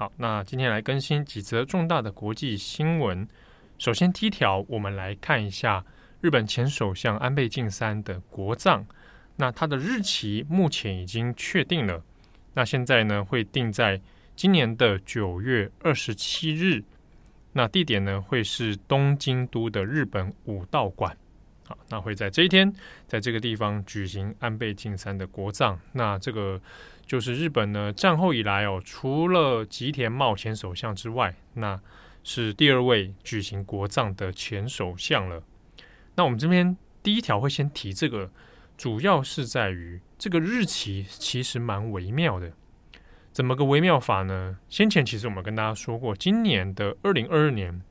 好，那今天來更新幾則重大的國際新聞。首先，第一條，我們來看一下日本前首相安倍晉三的國葬。那他的日期目前已經確定了，那現在呢會定在今年的九月二十七日。那地點呢會是東京都的日本武道館。好，那會在這一天，在這個地方舉行安倍晉三的國葬。那這個。就是日本呢，戰後以來哦，除了吉田茂前首相之外，那是第二位舉行國葬的前首相了。那我們這邊第一條會先提這個，主要是在於這個日期其實蠻微妙的。怎麼個微妙法呢？先前其實我們跟大家說過，今年的二零二二年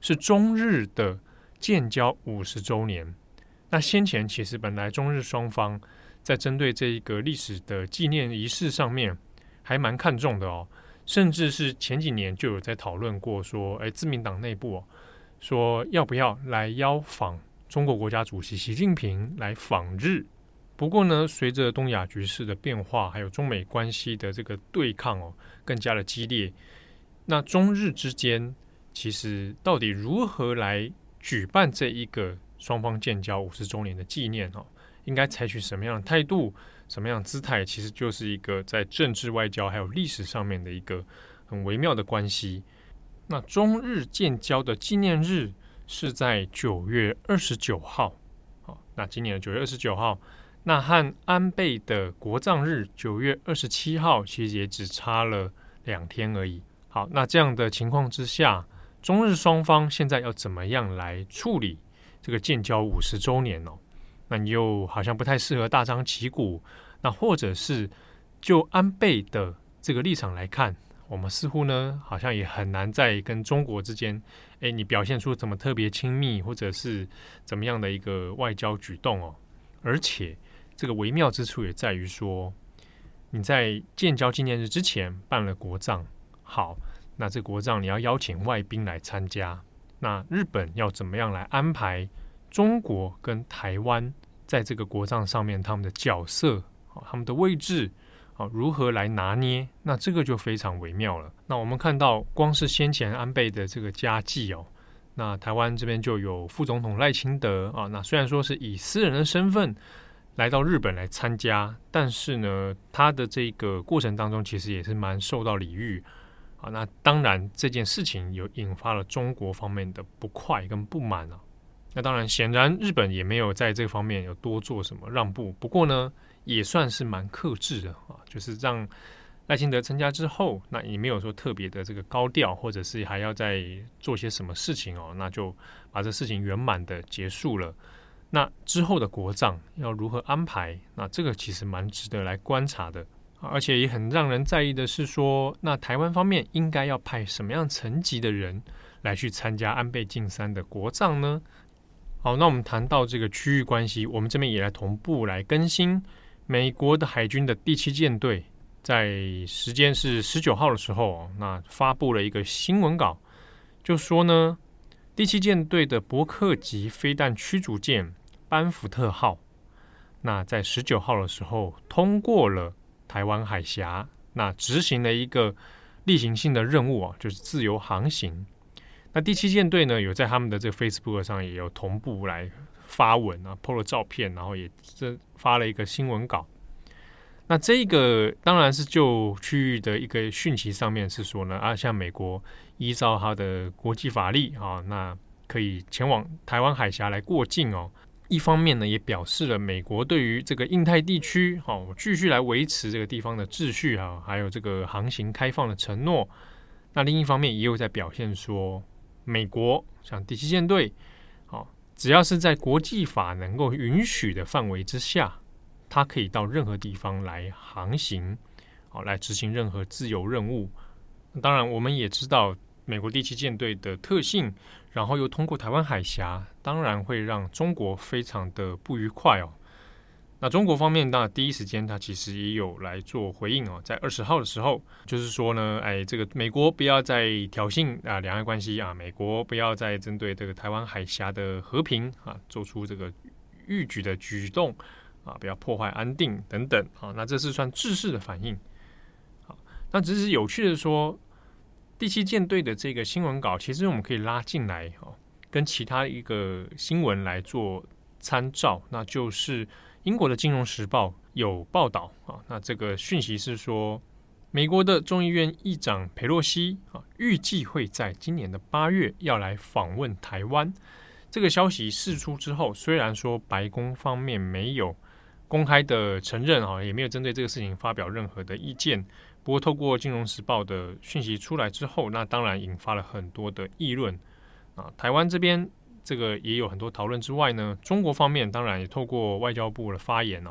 是中日的建交五十周年。那先前其實本來中日雙方。在針對這一個歷史的紀念儀式上面，還蠻看重的哦。甚至是前幾年就有在討論過，說，哎，自民黨內部哦，說要不要來邀訪中國國家主席習近平來訪日。不過呢，隨着東亞局勢的變化，還有中美關係的這個對抗哦，更加的激烈。那中日之間其實到底如何來舉辦這一個雙方建交五十週年的紀念哦？應該採取什麼樣的態度、什麼樣的姿態，其實就是一個在政治外交還有歷史上面的一個很微妙的關係。那中日建交的紀念日是在九月二十九號，好，那今年的九月二十九號，那和安倍的國葬日九月二十七號，其實也只差了兩天而已。好，那這樣的情況之下，中日雙方現在要怎麼樣來處理這個建交五十周年呢？哦？那你又好像不太適合大張旗鼓，那或者是就安倍的這個立場來看，我們似乎呢好像也很難再跟中國之間，哎、欸，你表現出怎麼特別親密或者是怎麼樣的一個外交舉動哦。而且這個微妙之處也在於說，你在建交紀念日之前辦了國葬，好，那這國葬你要邀請外賓來參加，那日本要怎麼樣來安排？中國跟台灣在這個國葬上面，他們的角色啊，他們的位置啊，如何來拿捏？那這個就非常微妙了。那我們看到，光是先前安倍的這個家祭哦，那台灣這邊就有副總統賴清德啊。那雖然說是以私人的身份來到日本來參加，但是呢，他的這個過程當中其實也是蠻受到禮遇啊。那當然，這件事情有引發了中國方面的不快跟不滿啊。那當然，顯然日本也沒有在這方面有多做什麼讓步，不過呢，也算是蠻克制的啊。就是讓賴清德參加之後，那也沒有說特別的這個高調，或者是還要再做些什麼事情哦。那就把這事情圓滿的結束了。那之後的國葬要如何安排？那這個其實蠻值得來觀察的，啊，而且也很讓人在意的是說，那台灣方面應該要派什麼樣層級的人來去參加安倍晉三的國葬呢？好，那我們談到這個區域關係，我們這邊也來同步來更新美國的海軍的第七艦隊，在時間是十九號的時候，那發布了一個新聞稿，就說呢，第七艦隊的伯克級飛彈驅逐艦班福特號，那在十九號的時候通過了台灣海峽，那執行了一個例行性的任務啊，就是自由航行。那第七艦隊呢，有在他們的這個 Facebook 上也有同步來發文啊，po 了照片，然後也是發了一個新聞稿。那這個當然是就區域的一個訊息上面是說呢，啊，像美國依照它的國際法律啊，那可以前往台灣海峽來過境哦、啊。一方面呢，也表示了美國對於這個印太地區哈，繼、啊、續來維持這個地方的秩序哈、啊，還有這個航行開放的承諾。那另一方面也有在表現說。美國像第七艦隊，哦，只要是在國際法能夠允許的範圍之下，它可以到任何地方來航行，哦，來執行任何自由任務。當然，我們也知道美國第七艦隊的特性，然後又通過台灣海峽，當然會讓中國非常的不愉快哦。那中國方面，那第一時間他其實也有來做回應哦，在二十號的時候，就是說呢，哎，這個美國不要再挑釁啊，兩岸關係啊，美國不要再針對這個台灣海峽的和平啊，做出這個逾矩的舉動啊，不要破壞安定等等。啊那這是算制式的反應。好，那只是有趣的說，第七艦隊的這個新聞稿，其實我們可以拉進來哈，跟其他一個新聞來做參照，那就是。英國的《金融時報》有報道啊，那這個訊息是說，美國的眾議院議長裴洛西啊，預計會在今年的八月要來訪問台灣。這個消息釋出之後，雖然說白宮方面沒有公開的承認啊，也沒有針對這個事情發表任何的意見，不過透過《金融時報》的訊息出來之後，那當然引發了很多的議論啊，台灣這邊。這個也有很多討論之外呢，中國方面當然也透過外交部的發言哦，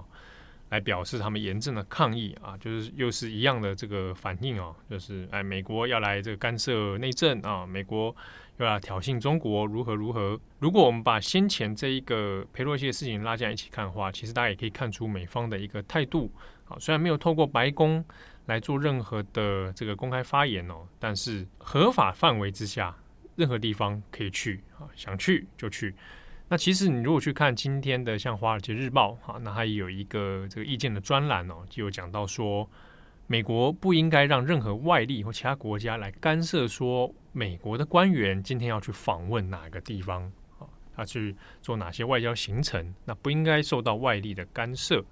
來表示他們嚴正的抗議啊，就是又是一樣的這個反應哦，就是哎，美國要來這個干涉內政啊，美國又要挑釁中國如何如何。如果我們把先前這一個裴洛西的事情拉進來一起看的話，其實大家也可以看出美方的一個態度啊，雖然沒有透過白宮來做任何的這個公開發言哦、啊，但是合法範圍之下。任何地方可以去啊，想去就去。那其實你如果去看今天的像《華爾街日報》，那它有一個這個意見的專欄哦，就有講到說，美國不應該讓任何外力或其他國家來干涉，說美國的官員今天要去訪問哪個地方啊，他去做哪些外交行程，那不應該受到外力的干涉。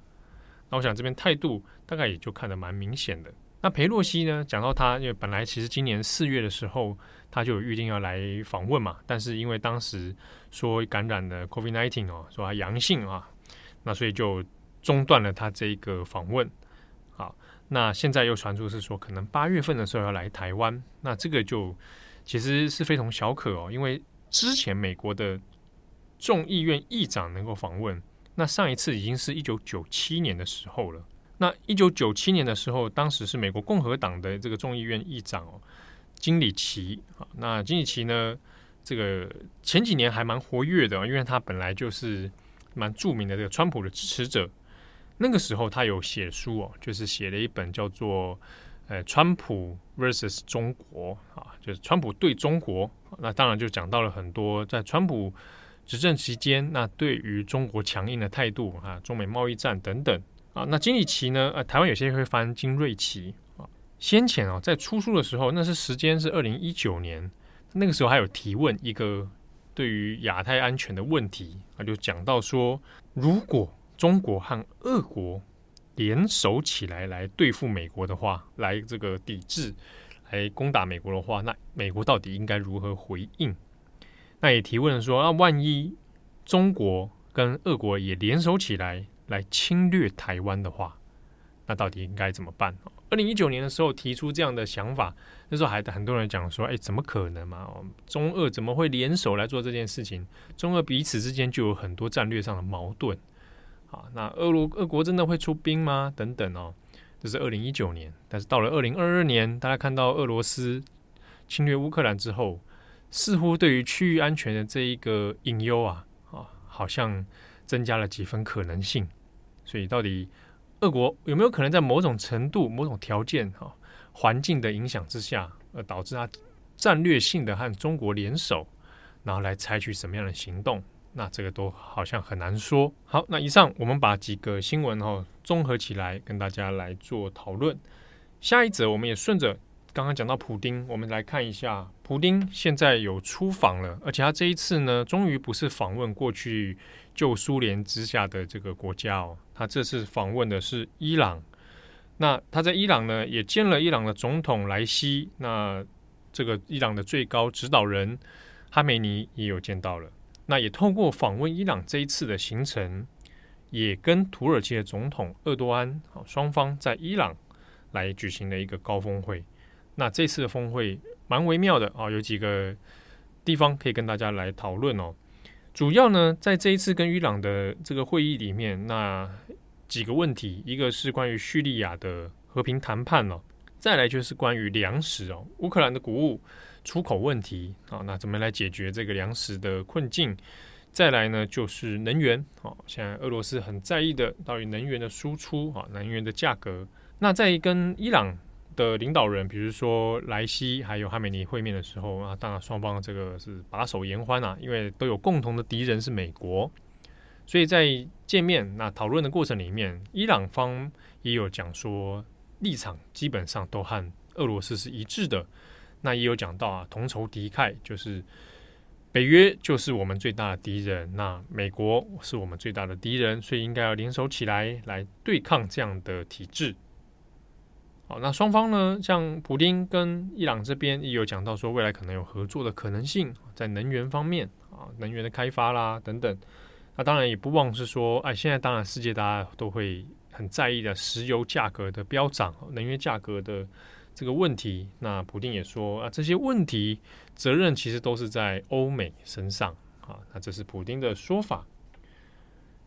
那我想這邊態度大概也就看得蠻明顯的。那裴洛西呢？講到他，因為本來其實今年四月的時候，他就有預定要來訪問嘛，但是因為當時說感染了 COVID-19 哦，說他陽性啊，那所以就中斷了他這個訪問。好，那現在又傳出是說可能八月份的時候要來台灣，那這個就其實是非同小可哦，因為之前美國的眾議院議長能夠訪問，那上一次已經是一九九七年的時候了。那一九九七年的時候，當時是美國共和黨的這個眾議院議長哦，金里奇啊。那金里奇呢，這個前幾年還蠻活躍的，因為他本來就是蠻著名的這個川普的支持者。那個時候他有寫書哦，就是寫了一本叫做《呃，川普 vs 中國》啊，就是川普對中國。那當然就講到了很多在川普執政期間，那對於中國強硬的態度啊，中美貿易戰等等。啊，那金里奇呢，呃、啊，台灣有些會翻金瑞奇啊。先前啊、哦，在出書的時候，那是時間是二零一九年，那個時候還有提問一個對於亞太安全的問題啊，就講到說，如果中國和俄國聯手起來來對付美國的話，來這個抵制，來攻打美國的話，那美國到底應該如何回應？那也提問說，那、啊、萬一中國跟俄國也聯手起來，來侵略台灣的話，那到底應該怎麼辦？二零一九年的時候提出這樣的想法，那時候還很多人講說：“哎、欸，怎麼可能嘛？中俄怎麼會聯手來做這件事情？中俄彼此之間就有很多戰略上的矛盾啊。”好，那俄羅俄國真的會出兵嗎？等等哦，這是二零一九年。但是到了二零二二年，大家看到俄羅斯侵略烏克蘭之後，似乎對於區域安全的這一個隱憂啊啊，好像。增加了幾分可能性，所以到底俄國有沒有可能在某種程度、某種條件、哈環境的影響之下，而導致它戰略性的和中國聯手，然後來採取什麼樣的行動？那這個都好像很難說。好，那以上我們把幾個新聞哈綜合起來跟大家來做討論。下一則我們也順着，剛剛講到普丁，我們來看一下，普丁現在有出訪了，而且他這一次呢，終於不是訪問過去舊蘇聯之下的這個國家哦，他這次訪問的是伊朗。那他在伊朗呢，也見了伊朗的總統萊希，那這個伊朗的最高指導人哈梅尼也有見到了。那也透過訪問伊朗這一次的行程，也跟土耳其的總統厄多安，好，雙方在伊朗來舉行了一個高峰會。那這次的峰會蠻微妙的啊、哦，有幾個地方可以跟大家來討論哦。主要呢，在這一次跟伊朗的這個會議裡面，那幾個問題，一個是關於敘利亞的和平談判哦，再來就是關於糧食哦，烏克蘭的穀物出口問題啊、哦，那怎麼來解決這個糧食的困境？再來呢，就是能源哦，現在俄羅斯很在意的，到底能源的輸出啊、哦，能源的價格。那在跟伊朗的領導人，比如說萊希還有哈梅尼會面的時候啊，當然雙方這個是把手言歡啊，因為都有共同的敵人是美國，所以在見面那討論的過程裡面，伊朗方也有講說立場基本上都和俄羅斯是一致的，那也有講到啊，同仇敵愾，就是北約就是我們最大的敵人，那美國是我們最大的敵人，所以應該要聯手起來來對抗這樣的體制。好，那雙方呢，像普丁跟伊朗這邊也有講到說，未來可能有合作的可能性，在能源方面啊，能源的開發啦等等。那當然也不忘是說，哎，現在當然世界大家都會很在意的石油價格的飆漲，能源價格的這個問題。那普丁也說啊，這些問題責任其實都是在歐美身上啊。那這是普丁的說法。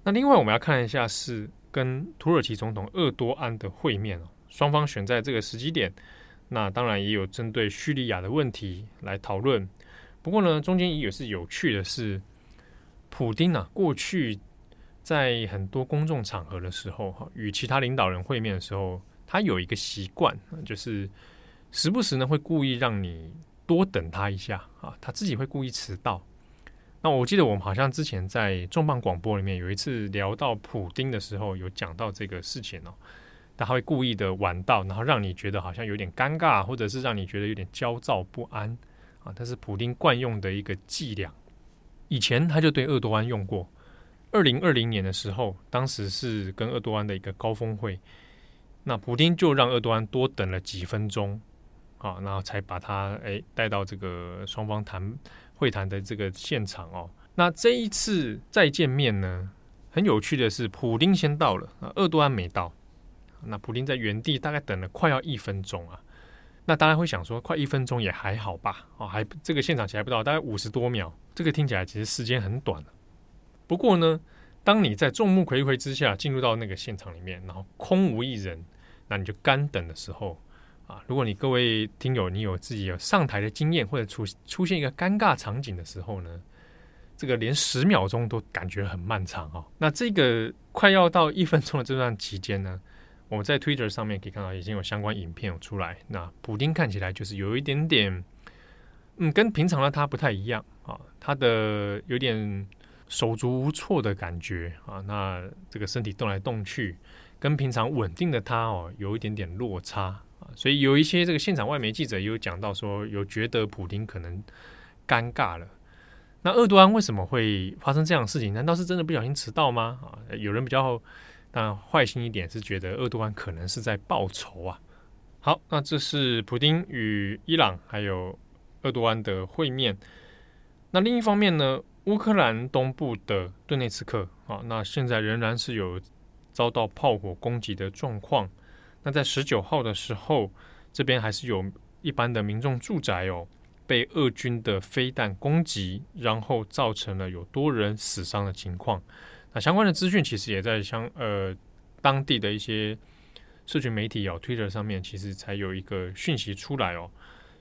那另外我們要看一下是跟土耳其總統厄多安的會面哦。雙方選在這個時機點，那當然也有針對敘利亞的問題來討論。不過呢，中間也是有趣的是，普丁呢、啊，過去在很多公眾場合的時候，哈，與其他領導人會面的時候，他有一個習慣，就是時不時呢會故意讓你多等他一下啊，他自己會故意遲到。那我記得我們好像之前在重磅廣播裡面有一次聊到普丁的時候，有講到這個事情哦。他會故意的晚到，然後讓你覺得好像有點尷尬，或者是讓你覺得有點焦躁不安啊。這是普丁慣用的一個伎倆。以前他就對厄多安用過。二零二零年的時候，當時是跟厄多安的一個高峰會，那普丁就讓厄多安多等了幾分鐘啊，然後才把他哎帶到這個雙方談會談的這個現場哦。那這一次再見面呢，很有趣的是，普丁先到了，那厄多安沒到。那普丁在原地大概等了快要一分鐘啊，那大家會想說，快一分鐘也還好吧，哦，還這個現場起來不到大概五十多秒，這個聽起來其實時間很短，不過呢，當你在眾目睽睽之下進入到那個現場裡面，然後空無一人，那你就乾等的時候啊，如果你各位聽友你有自己有上台的經驗，或者出出現一個尷尬場景的時候呢，這個連十秒鐘都感覺很漫長啊。那這個快要到一分鐘的這段期間呢，我們在 Twitter 上面可以看到已經有相關影片有出來。那普丁看起來就是有一點點，嗯，跟平常的他不太一樣啊，他的有點手足無措的感覺啊。那這個身體動來動去，跟平常穩定的他哦、啊，有一點點落差啊。所以有一些這個現場外媒記者也有講到說，有覺得普丁可能尷尬了。那厄多安為什麼會發生這樣的事情？難道是真的不小心遲到嗎？啊，有人比較。但壞心一點是覺得厄多安可能是在報仇啊。好，那這是普丁與伊朗還有厄多安的會面。那另一方面呢，烏克蘭東部的頓內茨克啊，那現在仍然是有遭到炮火攻擊的狀況。那在十九號的時候，這邊還是有一般的民眾住宅哦，被俄軍的飛彈攻擊，然後造成了有多人死傷的情況。那、啊、相關的資訊其實也在相呃當地的一些社群媒體哦，Twitter 上面其實才有一個訊息出來哦。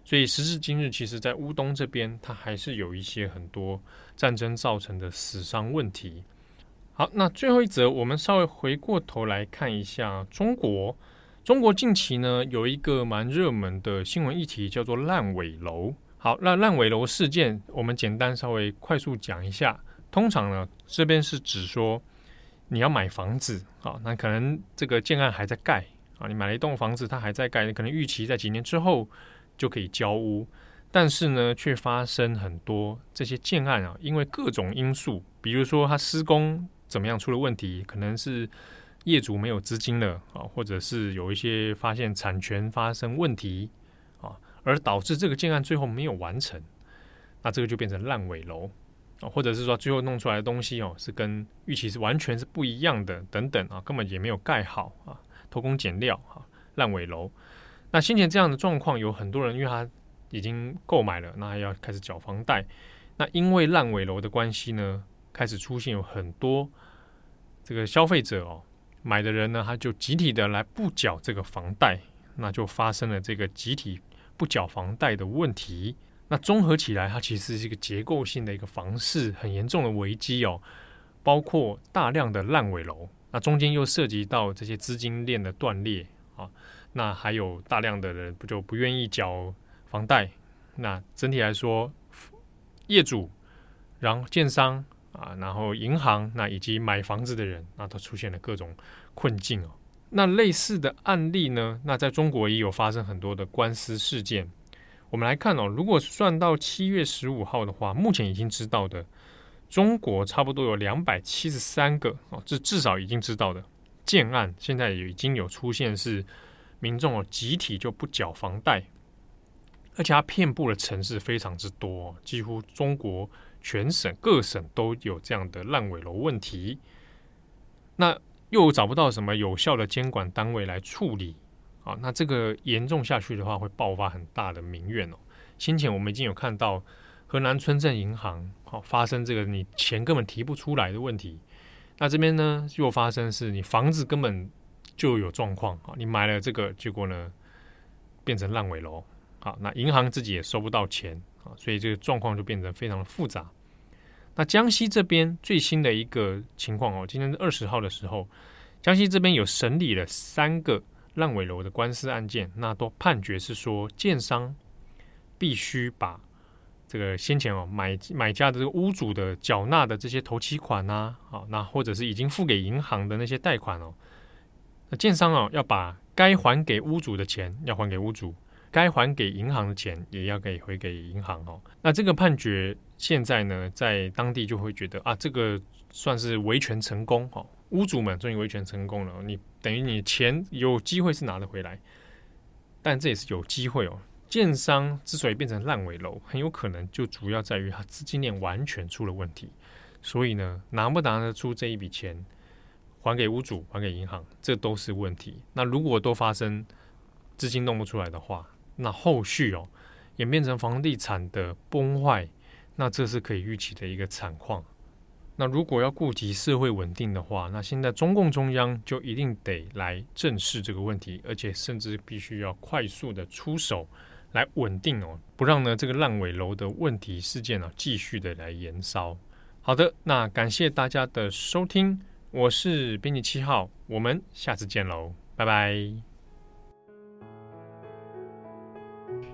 所以時至今日，其實，在烏東這邊，它還是有一些很多戰爭造成的死傷問題。好，那最後一則，我們稍微回過頭來看一下中國。中國近期呢，有一個蠻熱門的新聞議題，叫做爛尾樓。好，那爛尾樓事件，我們簡單稍微快速講一下。通常呢，這邊是指說你要買房子啊，那可能這個建案還在蓋啊，你買了一棟房子，它還在蓋，你可能預期在幾年之後就可以交屋，但是呢，卻發生很多這些建案啊，因為各種因素，比如說它施工怎麼樣出了問題，可能是業主沒有資金了啊，或者是有一些發現產權發生問題啊，而導致這個建案最後沒有完成，那這個就變成爛尾樓。或者是說最後弄出來的東西哦，是跟預期是完全是不一樣的，等等啊，根本也沒有蓋好啊，偷工減料啊，爛尾樓。那先前這樣的狀況，有很多人因為他已經購買了，那要開始繳房貸。那因為爛尾樓的關係呢，開始出現有很多這個消費者哦，買的人呢，他就集體的來不繳這個房貸，那就發生了這個集體不繳房貸的問題。那綜合起來，它其實是一個結構性的一個房市很嚴重的危機哦，包括大量的爛尾樓，那中間又涉及到這些資金鏈的斷裂啊，那還有大量的人不就不願意繳房貸，那整體來說，業主，然後建商啊，然後銀行，那以及買房子的人，那都出現了各種困境哦。那類似的案例呢，那在中國也有發生很多的官司事件。我們來看哦，如果算到七月十五號的話，目前已經知道的中國差不多有兩百七十三個哦，至至少已經知道的建案，現在已經有出現是民眾哦集體就不繳房貸，而且它遍布的城市非常之多，幾乎中國全省各省都有這樣的爛尾樓問題，那又找不到什麼有效的監管單位來處理。啊，那這個嚴重下去的話，會爆發很大的民怨哦。先前我們已經有看到河南村鎮銀行，好、哦、發生這個你錢根本提不出來的問題。那這邊呢，又發生是你房子根本就有狀況，好、哦，你買了這個結果呢變成爛尾樓。好，那銀行自己也收不到錢，好、哦，所以這個狀況就變得非常的複雜。那江西這邊最新的一個情況哦，今天二十號的時候，江西這邊有審理了三個。爛尾樓的官司案件，那都判決是說，建商必須把這個先前哦買買家的這個屋主的繳納的這些頭期款吶、啊，好、哦，那或者是已經付給銀行的那些貸款哦，那建商哦要把該還給屋主的錢要還給屋主，該還給銀行的錢也要給回給銀行哦。那這個判決現在呢，在當地就會覺得啊，這個算是維權成功哦，屋主們終於維權成功了，你。等於你錢有機會是拿得回來，但這也是有機會哦。建商之所以變成爛尾樓，很有可能就主要在於它資金鏈完全出了問題。所以呢，拿不拿得出這一筆錢還給屋主、還給銀行，這都是問題。那如果都發生資金弄不出來的話，那後續哦演變成房地產的崩壞，那這是可以預期的一個慘況。那如果要顧及社會穩定的話，那現在中共中央就一定得來正視這個問題，而且甚至必須要快速的出手來穩定哦，不讓呢這個爛尾樓的問題事件呢、啊、繼續的來延燒。好的，那感謝大家的收聽，我是編輯七號，我們下次見嘍，拜拜。